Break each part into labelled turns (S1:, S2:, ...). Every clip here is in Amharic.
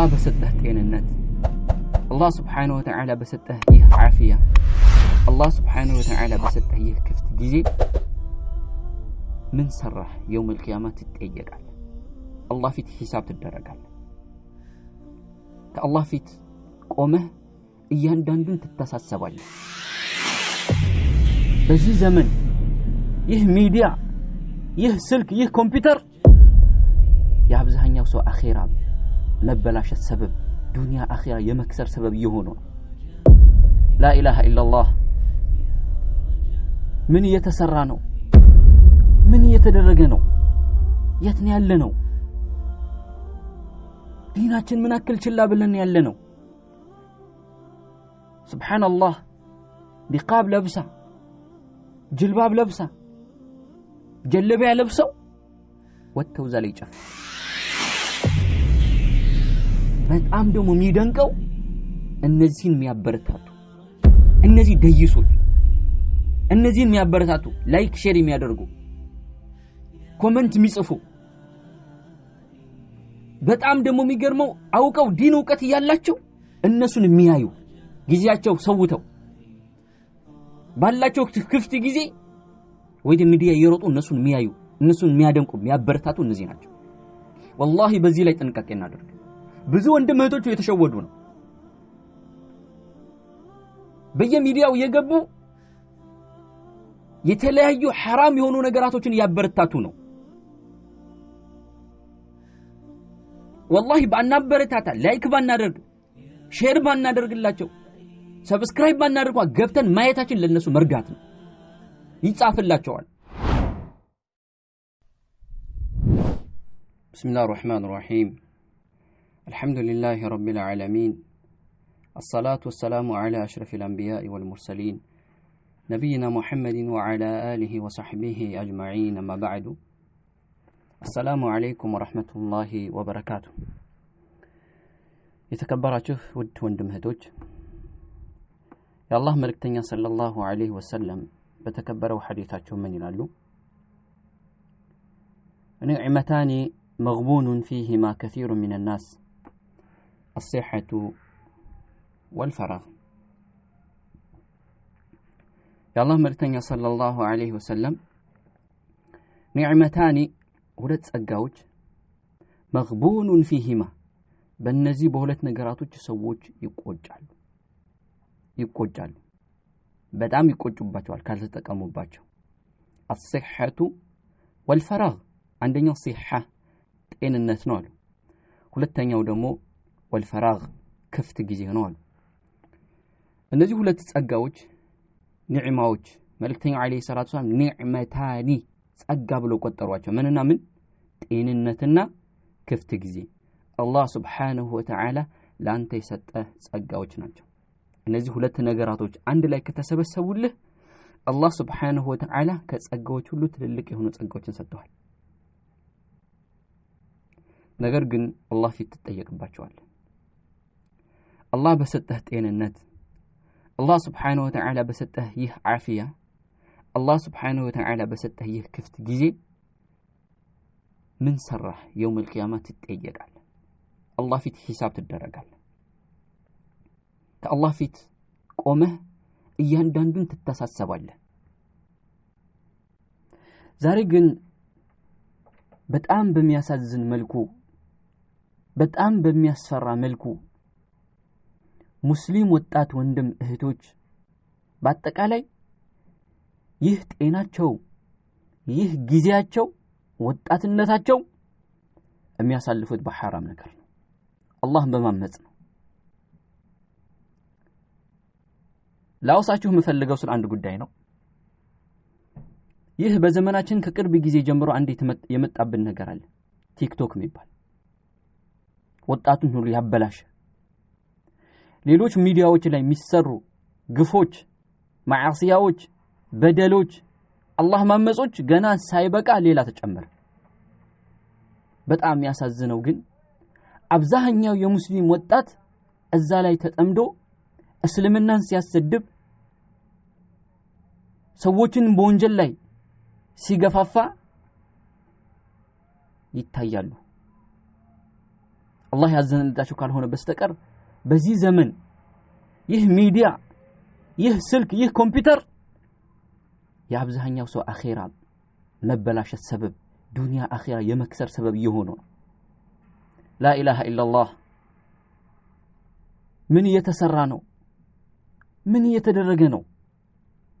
S1: ما بسده ጤንነት አላህ ስብሓን ወተዓላ በሰጠህ ይህ ዓፊያ አላህ ስብሓን ወተዓላ በሰጠህ ይህ ክፍት ጊዜ ምን ሰራህ የውም ልቅያማ ትጠየቃል አላህ ፊት ሂሳብ ትደረጋል ከአላህ ፊት ቆመህ እያንዳንዱን ትተሳሰባለህ
S2: በዚህ ዘመን ይህ ሚዲያ ይህ ስልክ ይህ ኮምፒውተር የአብዛኛው ሰው አኼራ መበላሸት ሰበብ ዱንያ አኺራ የመክሰር ሰበብ እየሆኑ ላኢላሃ ኢላላህ ምን እየተሰራ ነው? ምን እየተደረገ ነው? የት ነው ያለ ነው? ዲናችን ምን አክል ችላ ብለን ያለ ነው? ስብሓንላህ ኒቃብ ለብሳ ጅልባብ ለብሳ ጀለቢያ ለብሰው ወጥተው እዛ ላይ ይጨፍ በጣም ደግሞ የሚደንቀው እነዚህን የሚያበረታቱ እነዚህ ደይሶች እነዚህን የሚያበረታቱ ላይክ ሼር የሚያደርጉ ኮመንት የሚጽፉ በጣም ደግሞ የሚገርመው አውቀው ዲን እውቀት እያላቸው እነሱን የሚያዩ ጊዜያቸው ሰውተው ባላቸው ክፍት ጊዜ ወደ ሚዲያ እየሮጡ እነሱን የሚያዩ እነሱን የሚያደንቁ የሚያበረታቱ እነዚህ ናቸው። ወላሂ በዚህ ላይ ጥንቃቄ እናደርግ። ብዙ ወንድም እህቶቹ የተሸወዱ ነው። በየሚዲያው የገቡ የተለያዩ ሐራም የሆኑ ነገራቶችን እያበረታቱ ነው። ወላሂ ባናበረታታ፣ ላይክ ባናደርግ፣ ሼር ባናደርግላቸው፣ ሰብስክራይብ ባናደርጓ ገብተን ማየታችን ለነሱ መርጋት ነው። ይጻፍላቸዋል።
S3: ብስሚላህ ራሕማን ራሒም الحمد لله رب العالمين الصلاة والسلام على أشرف الأنبياء والمرسلين نبينا محمد وعلى آله وصحبه أجمعين ما بعد السلام عليكم ورحمة الله وبركاته يتكبر أشوف ود وندم هدوج يا الله ملكتني صلى الله عليه وسلم بتكبروا حديثات من يلالو نعمتان مغبون فيهما كثير من الناس الصحة والفراغ يا الله مرتين صلى الله عليه وسلم نعمتان ولت أقاوج مغبون فيهما بالنزي بولت نقراتوج سووج يقوجعل يقوجعل بدام يقوجوا باتوا الكالسة تقاموا باتوا الصحة والفراغ عندنا صحة إن الناس نعلم ولتين يودمو ወልፈራግ ክፍት ጊዜ አሉ። እነዚህ ሁለት ጸጋዎች ኒዕማዎች መልእክተኛው ዓለይሂ ሰላቱ ሰላም ኒዕመታኒ ጸጋ ብለው ቆጠሯቸው። ምንና ምን? ጤንነትና ክፍት ጊዜ አላህ ስብሓንሁ ወተዓላ ለአንተ የሰጠህ ጸጋዎች ናቸው። እነዚህ ሁለት ነገራቶች አንድ ላይ ከተሰበሰቡልህ አላህ ስብሓንሁ ወተዓላ ከጸጋዎች ሁሉ ትልልቅ የሆኑ ጸጋዎችን ሰጥተዋል። ነገር ግን አላህ ፊት ትጠየቅባቸዋለህ። አላህ በሰጠህ ጤንነት አላህ ስብሓነሁ ወተዓላ በሰጠህ ይህ ዓፊያ አላህ ስብሓነሁ ወተዓላ በሰጠህ ይህ ክፍት ጊዜ ምን ሰራህ? የውመል ቂያማ ትጠየቃለህ። አላህ ፊት ሂሳብ ትደረጋል? ከአላህ ፊት ቆመህ እያንዳንዱን ትታሳሰባለህ። ዛሬ ግን በጣም በሚያሳዝን መልኩ በጣም በሚያስፈራ መልኩ ሙስሊም ወጣት ወንድም እህቶች በአጠቃላይ ይህ ጤናቸው፣ ይህ ጊዜያቸው፣ ወጣትነታቸው የሚያሳልፉት በሐራም ነገር ነው። አላህን በማመፅ ነው። ላውሳችሁ የምፈልገው ስለ አንድ ጉዳይ ነው። ይህ በዘመናችን ከቅርብ ጊዜ ጀምሮ አንድ የመጣብን ነገር አለ። ቲክቶክ የሚባል ወጣቱን ሁሉ ያበላሸ ሌሎች ሚዲያዎች ላይ የሚሰሩ ግፎች፣ ማዕስያዎች፣ በደሎች፣ አላህ ማመጾች ገና ሳይበቃ ሌላ ተጨመረ። በጣም ያሳዝነው ግን አብዛኛው የሙስሊም ወጣት እዛ ላይ ተጠምዶ እስልምናን ሲያሰድብ ሰዎችን በወንጀል ላይ ሲገፋፋ ይታያሉ። አላህ ያዘነላቸው ካልሆነ በስተቀር بزي زمن يه ميديا يه سلك يه كمبيوتر يا ابزهن يوسو اخيرا مبلاش السبب دنيا اخيرا يمكسر سبب يهونو لا اله الا الله من يتسرانو من يتدرجنو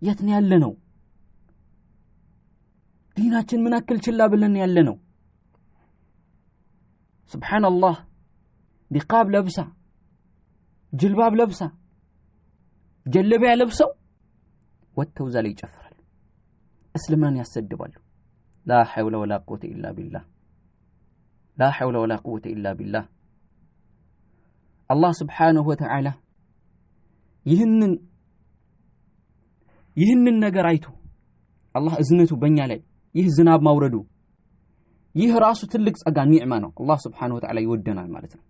S3: يتني دينا ديناچن من اكل شلا بلن يلنو سبحان الله بقاب لبسه ጅልባብ ለብሳ ጀለቢያ ለብሰው ወጥተው እዛ ላይ ይጨፍራል እስልምናን ያሰድባሉ ላ ሐውለ ወላ ቁወተ ኢላ ቢላህ ላ ሐውለ ወላ ቁወተ ኢላ ቢላህ አላህ ስብሓንሁ ወተዓላ ይህንን ይህንን ነገር አይቶ አላህ እዝነቱ በእኛ ላይ ይህ ዝናብ ማውረዱ ይህ ራሱ ትልቅ ጸጋ ኒዕማ ነው አላህ ስብሓንሁ ወተዓላ ይወደናል ማለት ነው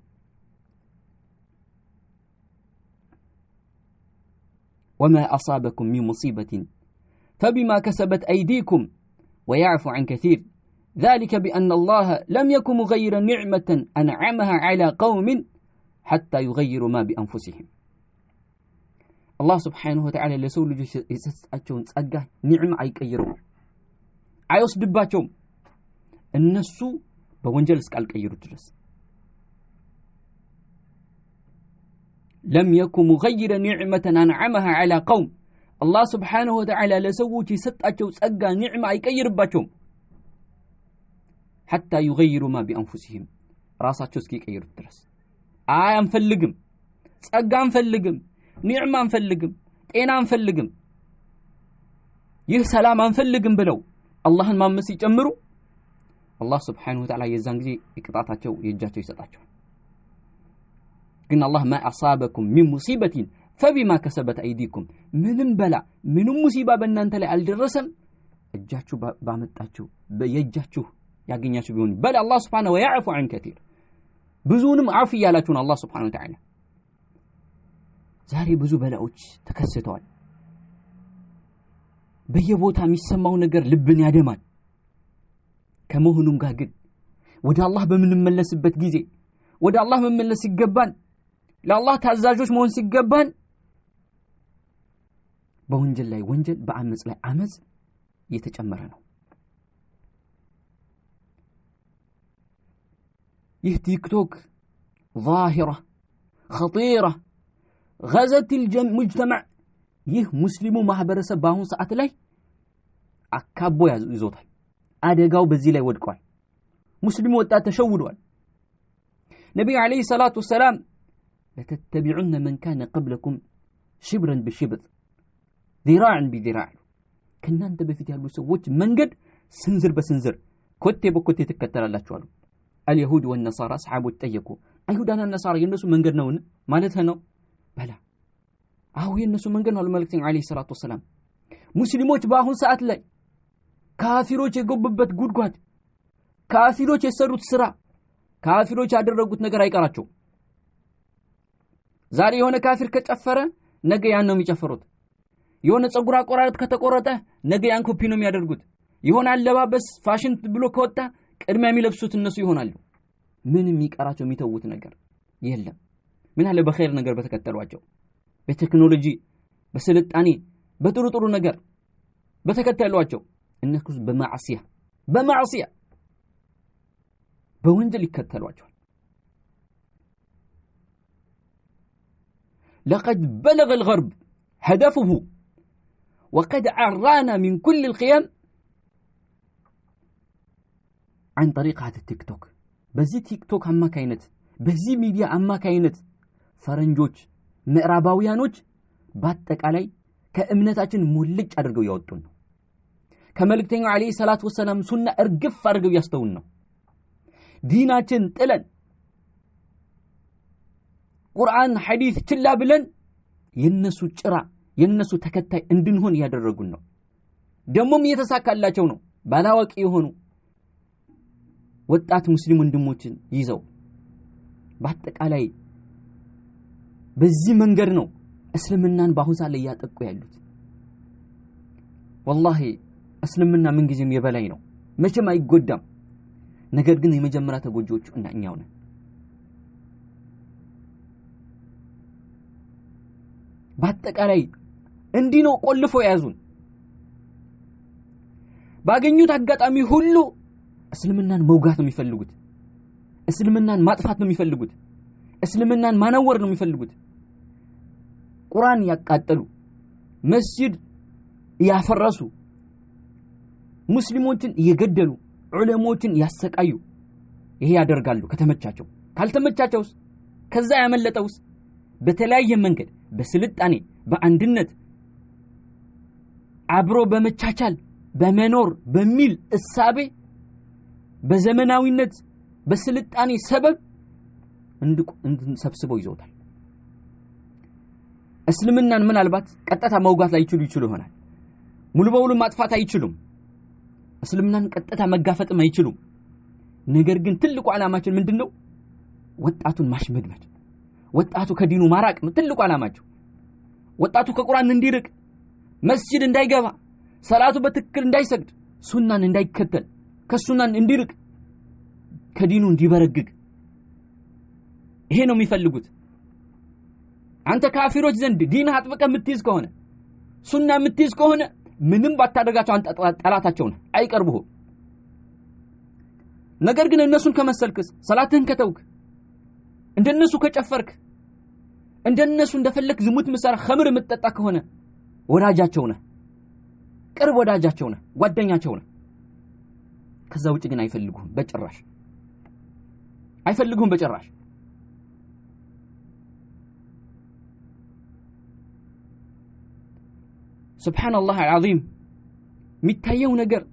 S3: وما أصابكم من مصيبة فبما كسبت أيديكم ويعفو عن كثير ذلك بأن الله لم يكن مغيرا نعمة أنعمها على قوم حتى يغيروا ما بأنفسهم الله سبحانه وتعالى لسو ልጆች የሰጣቸውን أي كيرو አይቀይረውም دباتهم النسو በወንጀል كالكيرو ድረስ لم يكن مغير نعمة أنعمها على قوم الله سبحانه وتعالى ست ستأتوا سأقى نعمة أي كير باتهم حتى يغيروا ما بأنفسهم راساتشو سكي كير الدرس آي أنفلقم سأقى أنفلقم نعمة أنفلقم إنا አንፈልግም ይህ سلام አንፈልግም بلو الله ማመስ ሲጨምሩ አላህ ስብሓንሁ ወተዓላ የዛን ጊዜ የቅጣታቸው የእጃቸው ይሰጣቸዋል ግን አላህ ማ አሳበኩም ሚን ሙሲበቲን ፈቢማ ከሰበት አይዲኩም ምንም በላ ምንም ሙሲባ በእናንተ ላይ አልደረሰም እጃችሁ ባመጣችሁ የእጃችሁ ያገኛችሁ ቢሆን በል አላህ ስብሓነ ወያዕፉ አን ከቲር ብዙውንም አፍ እያላችሁን አላህ ስብሓነ ወተዓላ ዛሬ ብዙ በላዎች ተከስተዋል በየቦታ የሚሰማው ነገር ልብን ያደማል ከመሆኑም ጋር ግን ወደ አላህ በምንመለስበት ጊዜ ወደ አላህ መመለስ ይገባን። لالله تازاجوش مون سيقبان بونجل لاي ونجل بعمز لاي عمز يتجمرانو يه تيك توك ظاهرة خطيرة غزت المجتمع يه مسلم مهبرس باهون ساعت لاي عكابو يزوتاي أدقاو بزيلاي ودكوان مسلمو وتا تشودوان نبي عليه الصلاة والسلام لتتبعن من كان قبلكم شبرا بشبر ذراعا بذراع كنانت بفتيال بسوت منقد سنزر بسنزر كتي بكتي تكتل الله شوالو اليهود والنصارى أصحاب التيكو أيهود أنا النصارى ينسوا منقد نون ما نتهنو بلا أهو ينسوا منقد نون الملك عليه الصلاة والسلام مسلموش باهون ساعت لي كافروش يقببت قد قد كافروش يسروا تسرع كافروش عدر رقوت نقر هيك راتشو ዛሬ የሆነ ካፊር ከጨፈረ ነገ ያን ነው የሚጨፈሩት። የሆነ ፀጉር አቆራረጥ ከተቆረጠ ነገ ያን ኮፒ ነው የሚያደርጉት። የሆነ አለባበስ ፋሽን ብሎ ከወጣ ቅድሚያ የሚለብሱት እነሱ ይሆናሉ። ምን የሚቀራቸው የሚተዉት ነገር የለም። ምን አለ በኸይር ነገር በተከተሏቸው፣ በቴክኖሎጂ በስልጣኔ በጥሩ ጥሩ ነገር በተከተሏቸው። እነሱ በማዕሲያ በማዕሲያ በወንጀል ይከተሏቸዋል። لقد بلغ الغرب هدفه وقد عرانا من كل القيم عن طريق هذا التيك توك بزي تيك توك أما كاينت بزي ميديا أما كاينت فرنجوج مئراباويانوج باتك علي كأمنتاجن ملج أرقو يوتون كمالك تنو عليه الصلاة والسلام سنة أرقف أرقو يستوون ديناتن تلن ቁርአን ሐዲስ ችላ ብለን የነሱ ጭራ የነሱ ተከታይ እንድንሆን እያደረጉን ነው። ደግሞም እየተሳካላቸው ነው። ባላዋቂ የሆኑ ወጣት ሙስሊም ወንድሞችን ይዘው በአጠቃላይ በዚህ መንገድ ነው እስልምናን በአሁን ሰዓት ላይ እያጠቁ ያሉት። ወላሂ እስልምና ምንጊዜም የበላይ ነው፣ መቼም አይጎዳም። ነገር ግን የመጀመሪያ ተጎጂዎቹ እኛው ነን። በአጠቃላይ እንዲህ ነው ቆልፎ የያዙን። ባገኙት አጋጣሚ ሁሉ እስልምናን መውጋት ነው የሚፈልጉት። እስልምናን ማጥፋት ነው የሚፈልጉት። እስልምናን ማነወር ነው የሚፈልጉት። ቁርአን ያቃጠሉ፣ መስጂድ ያፈረሱ፣ ሙስሊሞችን እየገደሉ፣ ዑለሞችን ያሰቃዩ ይሄ ያደርጋሉ ከተመቻቸው። ካልተመቻቸውስ ከዛ ያመለጠውስ በተለያየ መንገድ በስልጣኔ በአንድነት አብሮ በመቻቻል በመኖር በሚል እሳቤ በዘመናዊነት በስልጣኔ ሰበብ ሰብስበው ይዘውታል። እስልምናን ምናልባት ቀጥታ መውጋት ላይችሉ ይችሉ ይሆናል። ሙሉ በሙሉ ማጥፋት አይችሉም። እስልምናን ቀጥታ መጋፈጥም አይችሉም። ነገር ግን ትልቁ ዓላማችን ምንድን ነው? ወጣቱን ማሽመድመድ ወጣቱ ከዲኑ ማራቅ ነው ትልቁ ዓላማቸው። ወጣቱ ከቁርአን እንዲርቅ፣ መስጂድ እንዳይገባ፣ ሰላቱ በትክክል እንዳይሰግድ፣ ሱናን እንዳይከተል፣ ከሱናን እንዲርቅ፣ ከዲኑ እንዲበረግግ ይሄ ነው የሚፈልጉት። አንተ ካፊሮች ዘንድ ዲን አጥብቀ የምትይዝ ከሆነ ሱና የምትይዝ ከሆነ ምንም ባታደርጋቸው አንተ ጠላታቸው ነህ፣ አይቀርቡህም። ነገር ግን እነሱን ከመሰልክስ፣ ሰላትህን ከተውክ እንደነሱ ከጨፈርክ እንደነሱ እንደፈለክ ዝሙት ምሰራ ኸምር የምትጠጣ ከሆነ ወዳጃቸው ነህ፣ ቅርብ ወዳጃቸው ነህ፣ ጓደኛቸው ነህ። ከዛ ውጭ ግን አይፈልጉህም በጭራሽ አይፈልጉህም በጭራሽ። ሱብሓነላህ አልዓዚም የሚታየው ነገር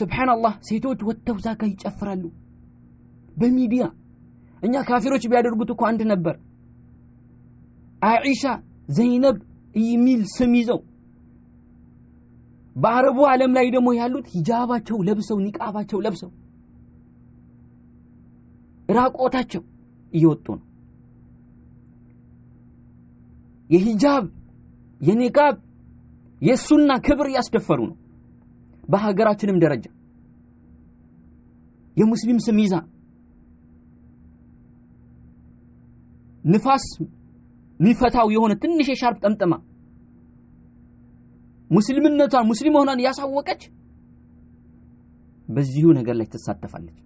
S3: ሱብሓነላህ ሴቶች ወጥተው ዛጋ ይጨፍራሉ። በሚዲያ እኛ ካፊሮች ቢያደርጉት እኮ አንድ ነበር አኢሻ ዘይነብ የሚል ስም ይዘው በአረቡ ዓለም ላይ ደግሞ ያሉት ሂጃባቸው ለብሰው ኒቃባቸው ለብሰው ራቆታቸው እየወጡ ነው የሂጃብ የኒቃብ የሱና ክብር እያስደፈሩ ነው በሀገራችንም ደረጃ የሙስሊም ስም ይዛ ንፋስ የሚፈታው የሆነ ትንሽ የሻርፕ ጠምጠማ ሙስሊምነቷን ሙስሊም ሆኗን ያሳወቀች በዚሁ ነገር ላይ ትሳተፋለች።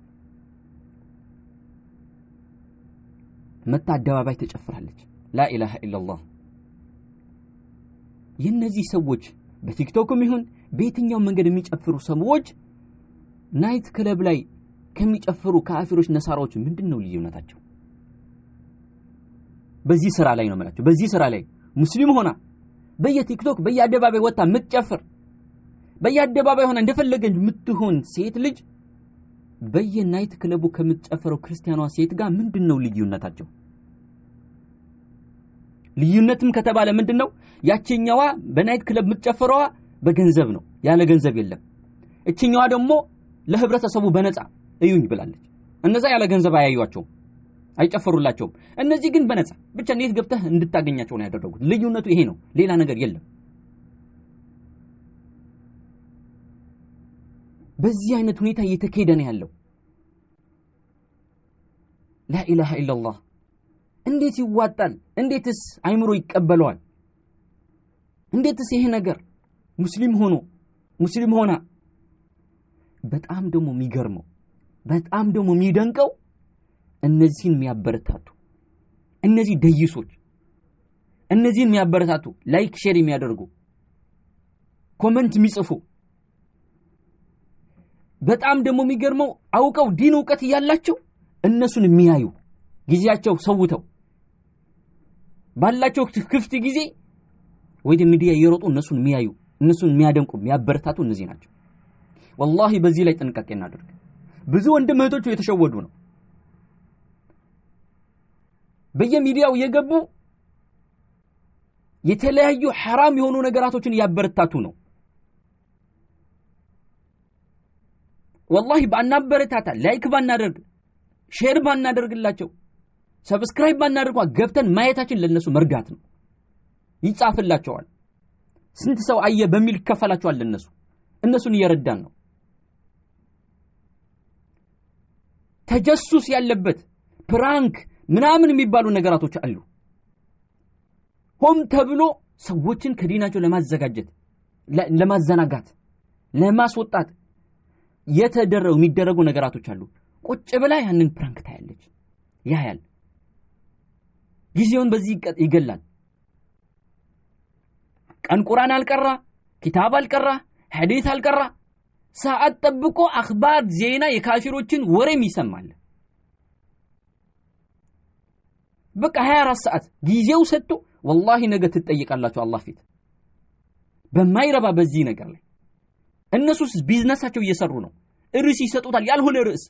S3: መታ አደባባይ ትጨፍራለች። ላኢላሃ ኢላላህ። የእነዚህ ሰዎች በቲክቶክም ይሁን በየትኛው መንገድ የሚጨፍሩ ሰዎች ናይት ክለብ ላይ ከሚጨፍሩ ካፊሮች፣ ነሳራዎች ምንድን ነው ልዩነታቸው? በዚህ ስራ ላይ ነው የምላቸው። በዚህ ስራ ላይ ሙስሊም ሆና በየቲክቶክ በየአደባባይ ወጣ የምትጨፍር በየአደባባይ ሆና እንደፈለገች የምትሆን ሴት ልጅ በየናይት ክለቡ ከምትጨፍረው ክርስቲያኗ ሴት ጋር ምንድን ነው ልዩነታቸው? ልዩነትም ከተባለ ምንድን ነው ያችኛዋ በናይት ክለብ የምትጨፍረዋ በገንዘብ ነው፣ ያለ ገንዘብ የለም። እችኛዋ ደግሞ ለህብረተሰቡ በነፃ እዩኝ ብላለች። እነዛ ያለ ገንዘብ አያዩዋቸውም። አይጨፈሩላቸውም። እነዚህ ግን በነፃ ብቻ እንዴት ገብተህ እንድታገኛቸው ነው ያደረጉት። ልዩነቱ ይሄ ነው፣ ሌላ ነገር የለም። በዚህ አይነት ሁኔታ እየተካሄደ ነው ያለው። ላኢላሃ ኢለላህ እንዴት ይዋጣል? እንዴትስ አይምሮ ይቀበለዋል? እንዴትስ ይሄ ነገር ሙስሊም ሆኖ ሙስሊም ሆና በጣም ደግሞ የሚገርመው በጣም ደግሞ የሚደንቀው እነዚህን የሚያበረታቱ እነዚህ ደይሶች እነዚህን የሚያበረታቱ ላይክ ሼር የሚያደርጉ ኮመንት የሚጽፉ በጣም ደግሞ የሚገርመው አውቀው ዲን እውቀት እያላቸው እነሱን የሚያዩ ጊዜያቸው ሰውተው ባላቸው ክፍት ጊዜ ወደ ሚዲያ እየሮጡ እነሱን የሚያዩ እነሱን የሚያደንቁ የሚያበረታቱ እነዚህ ናቸው። ወላሂ በዚህ ላይ ጥንቃቄ እናደርግ። ብዙ ወንድም እህቶቹ የተሸወዱ ነው። በየሚዲያው የገቡ የተለያዩ ሐራም የሆኑ ነገራቶችን እያበረታቱ ነው። ወላሂ ባናበረታታ፣ ላይክ ባናደርግ፣ ሼር ባናደርግላቸው፣ ሰብስክራይብ ባናደርጓ ገብተን ማየታችን ለነሱ መርጋት ነው። ይጻፍላቸዋል። ስንት ሰው አየ በሚል ይከፈላቸዋል ለነሱ። እነሱን እየረዳን ነው። ተጀሱስ ያለበት ፕራንክ ምናምን የሚባሉ ነገራቶች አሉ። ሆም ተብሎ ሰዎችን ከዲናቸው ለማዘጋጀት፣ ለማዘናጋት፣ ለማስወጣት የተደረጉ የሚደረጉ ነገራቶች አሉ። ቁጭ ብላ ያንን ፕራንክ ታያለች፣ ያያል፣ ጊዜውን በዚህ ይገላል። ቀን ቁርአን አልቀራ፣ ኪታብ አልቀራ፣ ሐዲት አልቀራ፣ ሰዓት ጠብቆ አክባር ዜና የካፊሮችን ወሬም ይሰማል። በቃ 24 ሰዓት ጊዜው ሰጥቶ ወላሂ ነገ ትጠይቃላችሁ አላህ ፊት በማይረባ በዚህ ነገር ላይ እነሱስ ቢዝነሳቸው እየሰሩ ነው። ርዕስ ይሰጡታል፣ ያልሆነ ርዕስ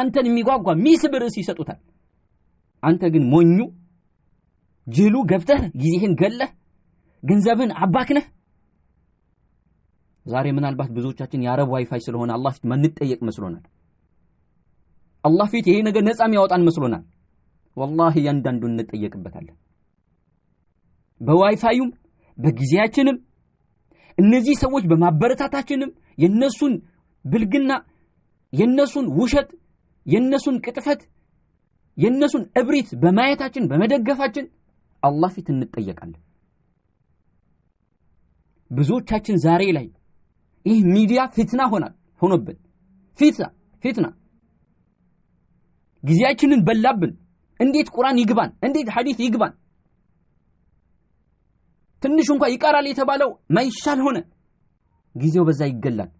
S3: አንተን የሚጓጓ ሚስብ ርዕስ ይሰጡታል። አንተ ግን ሞኙ ጅሉ ገብተህ ጊዜህን ገለህ ገንዘብን አባክነህ ዛሬ ምናልባት ብዙዎቻችን የአረብ ዋይፋይ ስለሆነ አላህ ፊት መንጠየቅ መስሎናል። አላህ ፊት ይሄ ነገር ነፃ የሚያወጣን መስሎናል። ወላሂ እያንዳንዱ እንጠየቅበታለን። በዋይፋዩም በጊዜያችንም እነዚህ ሰዎች በማበረታታችንም የነሱን ብልግና፣ የነሱን ውሸት፣ የነሱን ቅጥፈት፣ የነሱን እብሪት በማየታችን በመደገፋችን አላህ ፊት እንጠየቃለን። ብዙዎቻችን ዛሬ ላይ ይህ ሚዲያ ፊትና ሆናል ሆኖብን ፊትና ፊትና ጊዜያችንን በላብን። እንዴት ቁርአን ይግባን? እንዴት ሐዲስ ይግባን? ትንሽ እንኳ ይቀራል የተባለው ማይሻል ሆነ። ጊዜው በዛ ይገላል።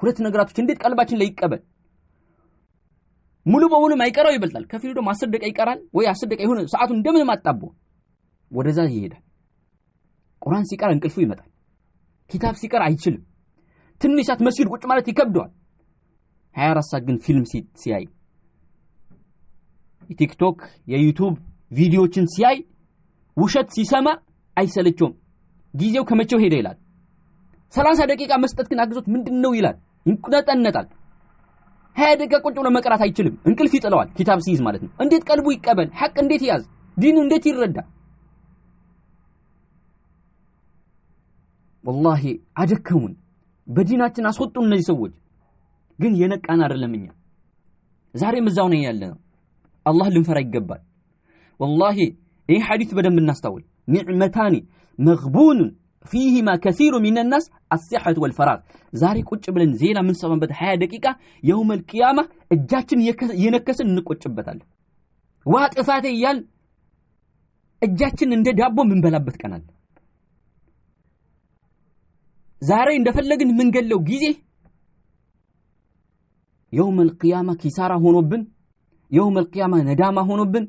S3: ሁለት ነገራቶች እንዴት ቀልባችን ላይ ይቀበል? ሙሉ በሙሉ ማይቀራው ይበልጣል። ከፊሉ ደግሞ አስር ደቂቃ ይቀራል ወይ አስር ደቂቃ ይሆነ ሰዓቱን እንደምን ማጣቦ ወደዛ ይሄዳል። ቁርአን ሲቀር እንቅልፉ ይመጣል። ኪታብ ሲቀር አይችልም። ትንሽ ሰዓት መስጊድ ቁጭ ማለት ይከብደዋል። 24 ሰዓት ግን ፊልም ሲያይ የቲክቶክ የዩቱብ ቪዲዮዎችን ሲያይ ውሸት ሲሰማ አይሰለቸውም። ጊዜው ከመቼው ሄደ ይላል። ሰላሳ ደቂቃ መስጠት ግን አግዞት ምንድን ነው ይላል። ይቁነጠነጣል። ሀያ ደቂቃ ቁጭ ብሎ መቅራት አይችልም። እንቅልፍ ይጥለዋል። ኪታብ ሲይዝ ማለት ነው። እንዴት ቀልቡ ይቀበል? ሐቅ እንዴት ይያዝ? ዲኑ እንዴት ይረዳ? ወላሂ አደከሙን፣ በዲናችን አስወጡ እነዚህ ሰዎች። ግን የነቃን አይደለም እኛ ዛሬም እዛው ነን ያለ الله لنفر جبال والله أي حديث بدأ من الناس تقول نعمتاني مغبون فيهما كثير من الناس الصحة والفراغ زاري كوتش بلن زينا من سبان بد حيا دقيقة يوم القيامة الجاتن ينكس نكوتش بطل وات إفاتي يال الجاتن اند دابو من بلابت كانال زاري اندفلقن من قلو جيزي يوم القيامة كيسارة هونوبن የውም አልቅያማ ነዳማ ሆኖብን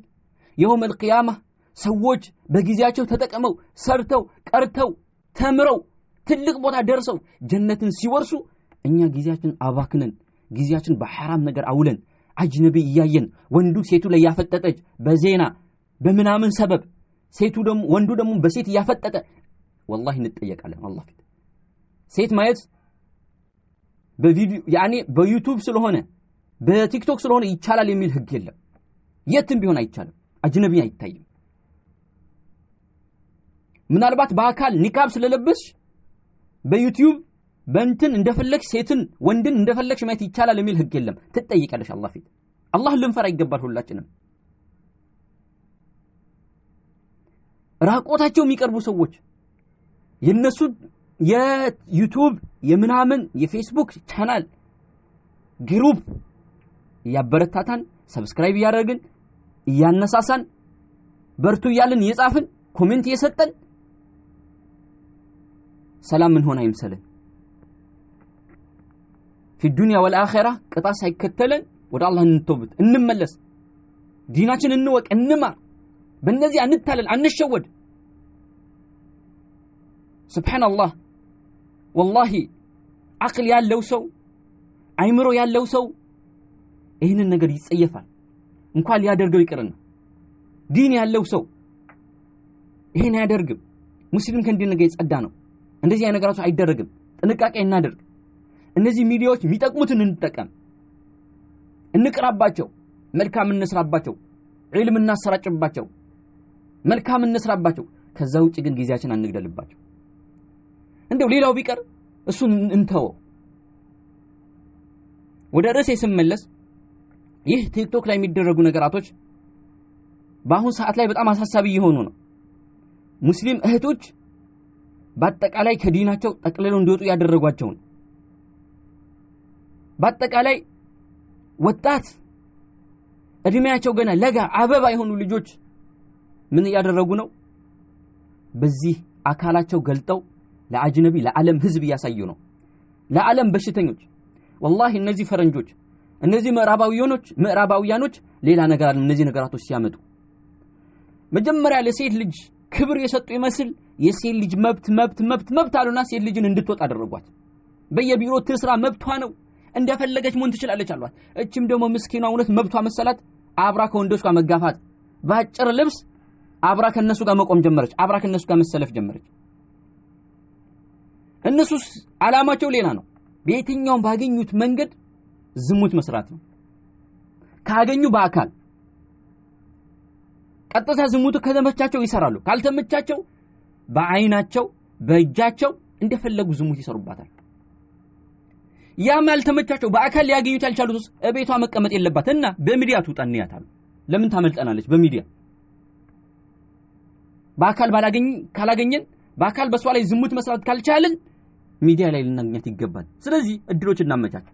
S3: የውም አልቅያማ ሰዎች በጊዜያቸው ተጠቅመው ሰርተው ቀርተው ተምረው ትልቅ ቦታ ደርሰው ጀነትን ሲወርሱ እኛ ጊዜያችን አባክነን ጊዜያችን በሐራም ነገር አውለን አጅነቢ እያየን ወንዱ ሴቱ ላይ ያፈጠጠች በዜና በምናምን ሰበብ ሴቱ ደግሞ ወንዱ ደግሞ በሴት እያፈጠጠ ወላሂ እንጠየቃለን አላህ ፊት ሴት ማየት በቪዲዮ ያኔ በዩቱብ ስለሆነ በቲክቶክ ስለሆነ ይቻላል የሚል ህግ የለም። የትም ቢሆን አይቻልም። አጅነቢ አይታይም። ምናልባት በአካል ኒካብ ስለለበስሽ በዩቲዩብ በእንትን እንደፈለግሽ ሴትን ወንድን እንደፈለግሽ ማየት ይቻላል የሚል ህግ የለም። ትጠይቀለሽ አላህ ፊት። አላህን ልንፈራ ይገባል ሁላችንም። ራቆታቸው የሚቀርቡ ሰዎች የነሱ የዩቱብ የምናምን የፌስቡክ ቻናል ግሩፕ يا يا برتاتان እያበረታታን ሰብስክራይብ እያደረግን እያነሳሳን በርቱ እያልን እየጻፍን ኮሜንት سلام من هنا አይምሰልን في الدنيا والآخرة قطع كتلن ودع الله نتوبت إنما لس ديناتنا انوك إنما بالنزي عن التلل عن الشود سبحان الله والله عقل يا اللوسو عمرو يا اللوسو ይህንን ነገር ይጸየፋል። እንኳን ሊያደርገው ይቅርና ዲን ያለው ሰው ይህን አያደርግም። ሙስሊም ከእንዲህ ነገር የጸዳ ነው። እንደዚህ አይነት ነገራቶች አይደረግም። ጥንቃቄ እናደርግ። እነዚህ ሚዲያዎች የሚጠቅሙትን እንጠቀም፣ እንቅራባቸው፣ መልካም እንስራባቸው፣ ዒልም እናሰራጭባቸው፣ መልካም እንስራባቸው። ከዛ ውጭ ግን ጊዜያችን አንግደልባቸው። እንደው ሌላው ቢቀር እሱን እንተወው። ወደ ርዕሴ ስመለስ ይህ ቲክቶክ ላይ የሚደረጉ ነገራቶች በአሁን ሰዓት ላይ በጣም አሳሳቢ እየሆኑ ነው። ሙስሊም እህቶች በአጠቃላይ ከዲናቸው ጠቅልለው እንዲወጡ ያደረጓቸው ነው። በአጠቃላይ ወጣት እድሜያቸው ገና ለጋ አበባ የሆኑ ልጆች ምን እያደረጉ ነው? በዚህ አካላቸው ገልጠው ለአጅነቢ ለዓለም ህዝብ እያሳዩ ነው። ለዓለም በሽተኞች ወላሂ እነዚህ ፈረንጆች እነዚህ ምዕራባውያኖች ምዕራባውያኖች ሌላ ነገር አለ እነዚህ ነገራቶች ሲያመጡ መጀመሪያ ለሴት ልጅ ክብር የሰጡ ይመስል የሴት ልጅ መብት መብት መብት መብት አሉና ሴት ልጅን እንድትወጣ አደረጓት በየቢሮ ትስራ መብቷ ነው እንደፈለገች መሆን ትችላለች አሏት እችም ደግሞ ምስኪኗ እውነት መብቷ መሰላት አብራ ከወንዶች ጋር መጋፋት በአጭር ልብስ አብራ ከነሱ ጋር መቆም ጀመረች አብራ ከነሱ ጋር መሰለፍ ጀመረች እነሱስ አላማቸው ሌላ ነው በየትኛውም ባገኙት መንገድ ዝሙት መስራት ነው። ካገኙ በአካል ቀጥታ ዝሙቱ ከተመቻቸው ይሰራሉ፣ ካልተመቻቸው በአይናቸው በእጃቸው እንደፈለጉ ዝሙት ይሰሩባታል። ያም ያልተመቻቸው በአካል ሊያገኙት ያልቻሉት ውስጥ እቤቷ መቀመጥ የለባት እና በሚዲያ ትውጣ ለምን ታመልጠናለች? በሚዲያ በአካል ባላገኝ ካላገኘን በአካል በእሷ ላይ ዝሙት መስራት ካልቻልን ሚዲያ ላይ ልናገኛት ይገባል። ስለዚህ እድሎች እናመቻቸው።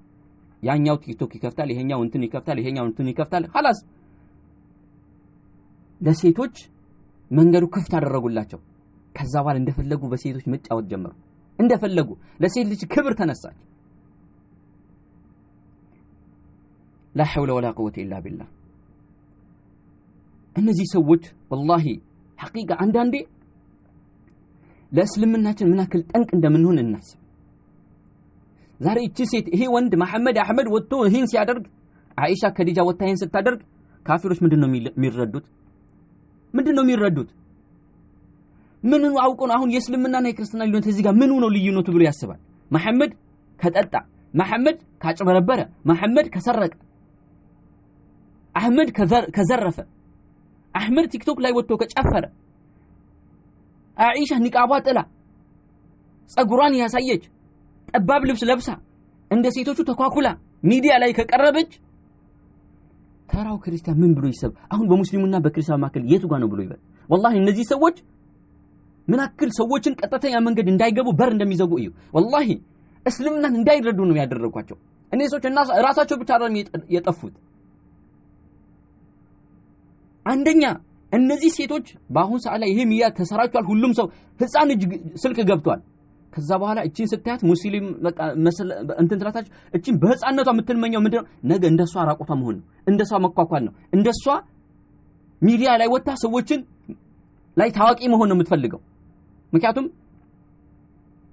S3: ያኛው ቲክቶክ ይከፍታል፣ ይሄኛው እንትን ይከፍታል፣ ይሄኛው እንትን ይከፍታል። ሀላስ ለሴቶች መንገዱ ክፍት አደረጉላቸው። ከዛ በኋላ እንደፈለጉ በሴቶች መጫወት ጀመሩ። እንደፈለጉ ለሴት ልጅ ክብር ተነሳች። ላ ሐውለ ወላ ቁወተ ኢላ ቢላህ። እነዚህ ሰዎች ወላሂ ሐቂቃ አንዳንዴ ለእስልምናችን ምን ያክል ጠንቅ እንደምንሆን እናስብ። ዛሬ እቺ ሴት ይሄ ወንድ መሐመድ አህመድ ወጥቶ ይህን ሲያደርግ አይሻ ከዲጃ ወጥታ ይህን ስታደርግ ካፊሮች ምንድን ነው የሚረዱት? ምንድን ነው የሚረዱት? ምንኑ አውቆ ነው አሁን የእስልምናና የክርስትና ልዩነት እዚህ ጋር ምኑ ነው ልዩነቱ ብሎ ያስባል። መሐመድ ከጠጣ፣ መሐመድ ካጭበረበረ፣ መሐመድ ከሰረቀ፣ አህመድ ከዘረፈ፣ አህመድ ቲክቶክ ላይ ወጥቶ ከጨፈረ፣ አኢሻ ኒቃቧ ጥላ ጸጉሯን ያሳየች ጠባብ ልብስ ለብሳ እንደ ሴቶቹ ተኳኩላ ሚዲያ ላይ ከቀረበች ተራው ክርስቲያን ምን ብሎ ይሰብ? አሁን በሙስሊሙና በክርስቲያን መካከል የቱ ጋር ነው ብሎ ይበል? ወላሂ እነዚህ ሰዎች ምን አክል ሰዎችን ቀጥተኛ መንገድ እንዳይገቡ በር እንደሚዘጉ እዩ። ወላሂ እስልምናን እንዳይረዱ ነው ያደረጓቸው። እኔ ሰዎች ራሳቸው ብቻ አይደለም የጠፉት። አንደኛ እነዚህ ሴቶች በአሁን ሰዓት ላይ ይሄ ሚዲያ ተሰራጭቷል። ሁሉም ሰው ህፃን እጅ ስልክ ገብቷል። ከዛ በኋላ እቺን ስታያት ሙስሊም እንትን ትላታች። እቺን በህፃነቷ የምትልመኘው ምንድነው? ነገ እንደሷ ራቆቷ መሆን ነው። እንደሷ መኳኳል ነው። እንደሷ ሚዲያ ላይ ወታ ሰዎችን ላይ ታዋቂ መሆን ነው የምትፈልገው። ምክንያቱም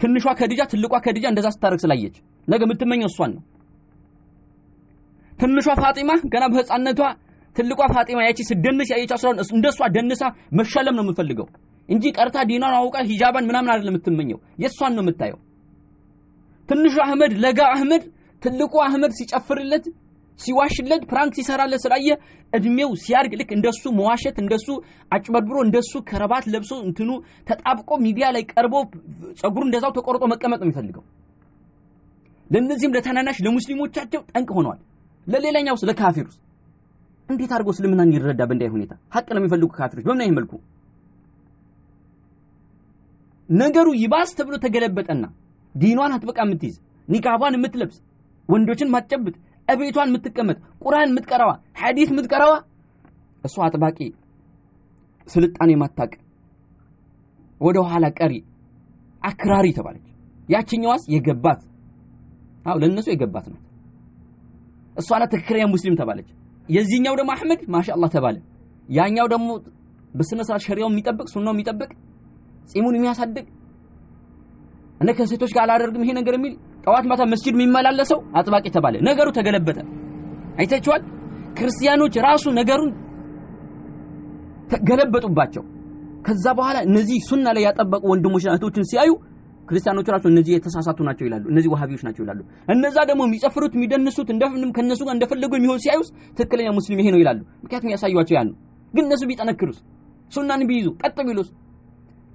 S3: ትንሿ ከድጃ ትልቋ ከድጃ እንደዛ ስታረግ ስላየች ነገ የምትመኘው እሷን ነው። ትንሿ ፋጢማ ገና በህፃነቷ ትልቋ ፋጢማ ያቺ ስደንስ ያየቻ ስለሆነ እንደሷ ደንሳ መሸለም ነው የምትፈልገው። እንጂ ቀርታ ዲኗን አውቃ ሂጃባን ምናምን አይደለም የምትመኘው፣ የእሷን ነው የምታየው። ትንሹ አህመድ ለጋ አህመድ ትልቁ አህመድ ሲጨፍርለት ሲዋሽለት ፕራንክ ሲሰራለት ስላየ እድሜው ሲያድግ ልክ እንደሱ መዋሸት እንደሱ አጭበርብሮ እንደሱ ከረባት ለብሶ እንትኑ ተጣብቆ ሚዲያ ላይ ቀርቦ ጸጉሩ እንደዛው ተቆርጦ መቀመጥ ነው የሚፈልገው። ለእነዚህም ለተናናሽ ለሙስሊሞቻቸው ጠንቅ ሆነዋል። ለሌላኛውስ ለካፊሩስ እንዴት አድርጎ ስልምናን ይረዳ? በእንዳይ ሁኔታ ሀቅ ለሚፈልጉ ካፊሮች በምን አይነት መልኩ ነገሩ ይባስ ተብሎ ተገለበጠና ዲኗን አጥብቃ የምትይዝ ኒካቧን የምትለብስ ወንዶችን ማትጨብጥ እቤቷን የምትቀመጥ ቁርአን የምትቀረዋ ሐዲስ የምትቀራዋ እሷ አጥባቂ ስልጣኔ ማታቅ ወደ ኋላ ቀሪ አክራሪ ተባለች። ያችኛዋስ የገባት አው ለነሱ የገባት ናት። እሷ ላ ትክክለኛ ሙስሊም ተባለች። የዚህኛው ደግሞ አህመድ ማሻ ተባለ። ያኛው ደግሞ በስነ ስርዓት ሸሪያው የሚጠብቅ ሱናው የሚጠብቅ ጺሙን የሚያሳድግ እነ ከሴቶች ጋር አላደርግም ይሄ ነገር የሚል ጠዋት ማታ መስጂድ የሚመላለሰው አጥባቂ ተባለ። ነገሩ ተገለበጠ። አይታችኋል። ክርስቲያኖች ራሱ ነገሩን ተገለበጡባቸው ከዛ በኋላ እነዚህ ሱና ላይ ያጠበቁ ወንድሞች እህቶችን ሲያዩ ክርስቲያኖቹ ራሱ እነዚህ የተሳሳቱ ናቸው ይላሉ፣ እነዚህ ዋሃቢዎች ናቸው ይላሉ። እነዛ ደግሞ የሚጨፍሩት የሚደንሱት፣ እንደምንም ከነሱ ጋር እንደፈለጉ የሚሆን ሲያዩስ ትክክለኛ ሙስሊም ይሄ ነው ይላሉ። ምክንያቱም ያሳዩቸው ያን ግን እነሱ ቢጠነክሩስ ሱናን ቢይዙ ቀጥ ቢሉስ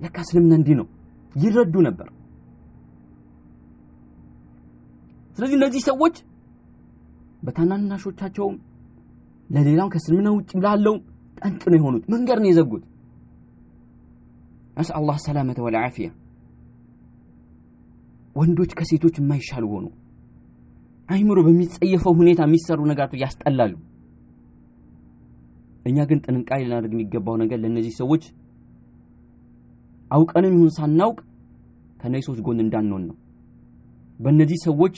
S3: ለካ እስልምና እንዲህ ነው ይረዱ ነበር ስለዚህ እነዚህ ሰዎች በታናናሾቻቸውም ለሌላው ከእስልምና ውጭ ብላለው ጠንቅ ነው የሆኑት መንገድ ነው የዘጉት ነስአል አላህ ሰላመተ ወልዓፊያ ወንዶች ከሴቶች የማይሻሉ ሆኑ አይምሮ በሚጸየፈው ሁኔታ የሚሰሩ ነገራቶች ያስጠላሉ እኛ ግን ጥንቃቄ ልናደርግ የሚገባው ነገር ለእነዚህ ሰዎች አውቀንም ይሁን ሳናውቅ ከነዚህ ሰዎች ጎን እንዳንሆን ነው በእነዚህ ሰዎች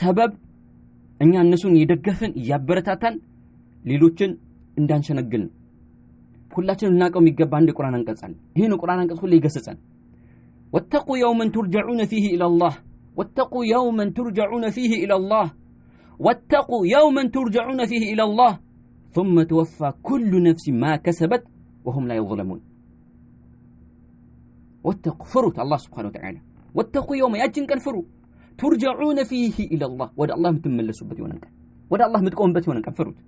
S3: ሰበብ እኛ እነሱን እየደገፍን እያበረታታን ሌሎችን እንዳንሸነግል ነው ሁላችንም ልናውቀው የሚገባ አንድ የቁርአን አንቀጽ አለ ይህን የቁርአን አንቀጽ ሁሌ ይገስጸን ወተቁ የውመን ቱርጀዑነ ፊህ ኢላላህ ወተቁ የውመን ቱርጀዑነ ፊህ ኢላላህ ወተቁ የውመን ቱርጀዑነ ፊህ ኢላላህ ثم توفى كل نفس ما كسبت وهم لا يظلمون واتقوا فروت الله سبحانه وتعالى واتقوا يوم ياجن كان فرو ترجعون فيه الى الله ود الله متملس بت يونن كان ود الله متقوم بت يونن كان فروت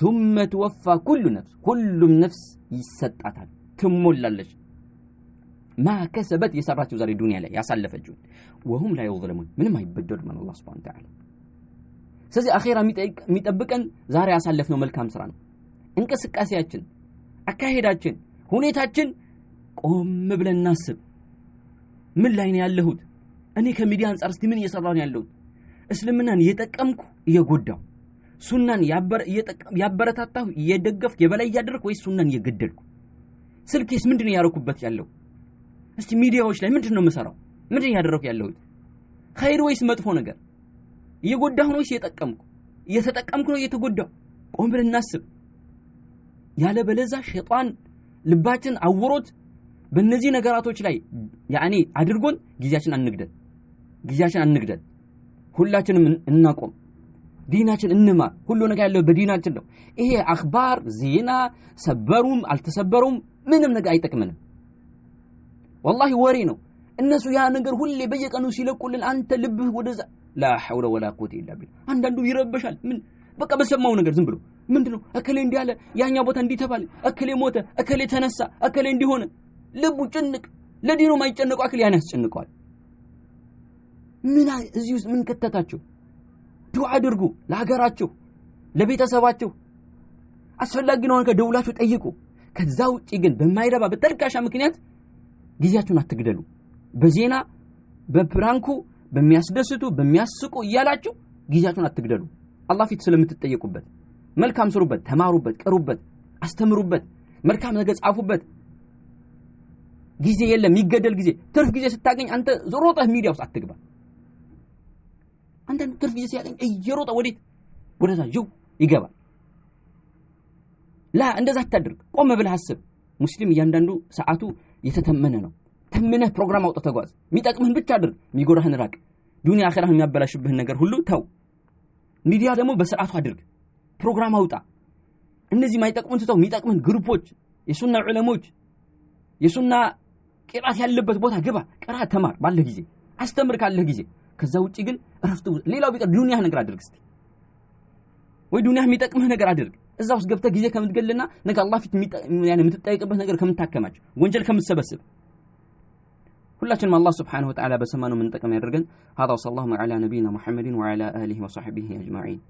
S3: ثم توفى كل نفس كل نفس يسطعت تمولالش ما كسبت يسراتو زاري الدنيا لا ياسلفجو وهم لا يظلمون من ما يبدل من الله سبحانه وتعالى سزي اخيرا ميطبقن زاري ياسلفنو ملكام سران انكسقاسياچن اكاهيداچن هونيتاچن ቆም ብለን እናስብ። ምን ላይ ነው ያለሁት? እኔ ከሚዲያ አንጻር እስቲ ምን እየሰራሁ ነው ያለሁት? እስልምናን እየጠቀምኩ እየጎዳሁ፣ ሱናን ያበረታታሁ እየደገፍኩ የበላይ እያደረግኩ ወይስ ሱናን እየገደልኩ? ስልኬስ ምንድን ነው ያደረኩበት ያለው? እስቲ ሚዲያዎች ላይ ምንድን ነው የምሰራው? ምንድን ያደረኩ ያለሁት? ኸይር ወይስ መጥፎ ነገር? እየጎዳሁ ነው ወይስ እየጠቀምኩ? እየተጠቀምኩ ነው እየተጎዳሁ? ቆም ብለን እናስብ። ያለ በለዛ ሸጧን ልባችን አውሮት በእነዚህ ነገራቶች ላይ ያኔ አድርጎን ጊዜያችን አንግደል፣ ጊዜያችን አንግደል። ሁላችንም እናቆም፣ ዲናችን እንማር። ሁሉ ነገር ያለው በዲናችን ነው። ይሄ አክባር ዜና፣ ሰበሩም አልተሰበሩም ምንም ነገር አይጠቅምንም። ወላሂ ወሬ ነው። እነሱ ያ ነገር ሁሌ በየቀኑ ሲለቁልን አንተ ልብህ ወደዛ ላ ሐውለ ወላ ቁወተ ኢላ ቢላህ። አንዳንዱ ይረበሻል። ምን በቃ በሰማው ነገር ዝም ብሎ ምንድነው እከሌ እንዲያለ አለ፣ ያኛ ቦታ እንዲተባል ተባለ፣ እከሌ ሞተ፣ እከሌ ተነሳ፣ እከሌ እንዲሆነ ልቡ ጭንቅ ለዲኑ ማይጨነቁ አክል ያን ያስጨንቀዋል ምን እዚህ ውስጥ ምን ከተታቸው ዱዓ አድርጉ ለሀገራቸው ለቤተሰባቸው አስፈላጊ ነውን ከደውላችሁ ጠይቁ ከዛ ውጪ ግን በማይረባ በተልካሻ ምክንያት ጊዜያችሁን አትግደሉ በዜና በፕራንኩ በሚያስደስቱ በሚያስቁ እያላችሁ ጊዜያችሁን አትግደሉ አላህ ፊት ስለምትጠየቁበት መልካም ስሩበት ተማሩበት ቀሩበት አስተምሩበት መልካም ነገር ጻፉበት ጊዜ የለም የሚገደል ጊዜ ትርፍ ጊዜ ስታገኝ አንተ ሮጠህ ሚዲያ ውስጥ አትግባ አንተ ትርፍ ጊዜ ሲያገኝ እየሮጠ ወዴት ወደዛ ጅው ይገባል ላ እንደዛ አታድርግ ቆመ ብለህ አስብ ሙስሊም እያንዳንዱ ሰዓቱ የተተመነ ነው ተምነህ ፕሮግራም አውጥተህ ተጓዝ የሚጠቅምህን ብቻ አድርግ የሚጎዳህን ራቅ ዱኒያ አኼራህን የሚያበላሽብህን ነገር ሁሉ ተው ሚዲያ ደግሞ በስርዓቱ አድርግ ፕሮግራም አውጣ እነዚህ ማይጠቅሙን ትተው የሚጠቅምህን ግሩፖች የሱና ዑለሞች የሱና ቅራት ያለበት ቦታ ግባ፣ ቅራት ተማር፣ ባለ ጊዜ አስተምር፣ ካለህ ጊዜ። ከዛ ውጭ ግን እረፍት፣ ሌላው ቢቀር ዱንያህ ነገር አድርግ እስቲ፣ ወይ ዱንያህ የሚጠቅምህ ነገር አድርግ። እዛ ውስጥ ገብተህ ጊዜ ከምትገልና ነገ አላህ ፊት የምትጠይቅበት ነገር ከምታከማቸው፣ ወንጀል ከምትሰበስብ ሁላችንም አላህ ስብሓነሁ ወተዓላ በሰማነው የምንጠቀም ያደርገን። ሀዛ ወሰላሁ ዐላ ነቢይና ሙሐመድን ወዐላ አሊሂ ወሰሕቢሂ አጅማዒን።